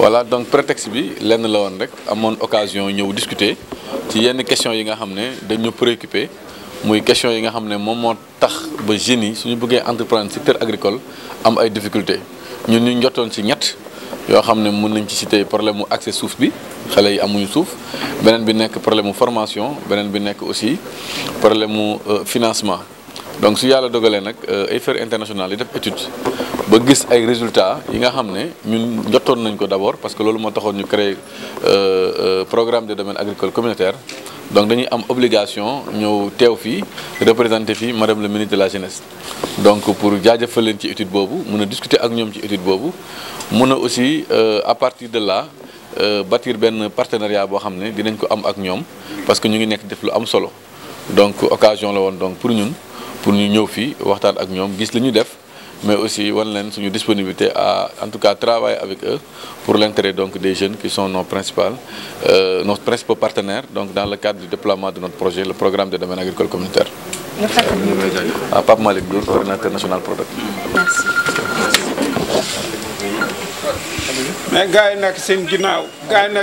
voilà donc prétexte bi lenn la woon rek amoon occasion ñëw discuter ci yenn question yi nga xam ne dañu préoccupé muy question yi nga xam ne moom moo tax ba jeunes yi suñu buggee entreprendre secteur agricole am ay difficultés ñun ñu njotoon ci ñett yoo xam ne mun nañ ci citer problème mu accès suuf bi xale yi amuñu suuf beneen bi nekk problème mu formation beneen bi nekk aussi problème mu euh, financement donc su yàlla dogalee nag euh, ay foire internationale yi def étude ba gis ay résultat yi nga xam ne ñun njottoon nañ ko d'abord parce que loolu moo taxoon ñu créer euh, euh, programme de domaine agricole communautaire donc dañuy am obligation ñëw teew fii représenter fii madame le ministre de la jeunesse donc pour jaajëfal leen ci étude boobu mun a discuter ak ñoom ci étude boobu mun a aussi à partir de là bâtir benn partenariat boo xam ne dinañ ko am ak ñoom parce que ñu ngi nekk def lu am solo donc la woon donc pour ñun pour ñu ñëw fii waxtaan ak ñoom gis li ñu def mais aussi wan leen suñu disponibilité à en tout cas travailler avec eux pour l'intérêt donc des jeunes qui sont nos principales euh, nos principaux partenaires donc dans le cadre du déploiement de notre projet le programme de domaine agricole communautaire. ah Pape national Prodac.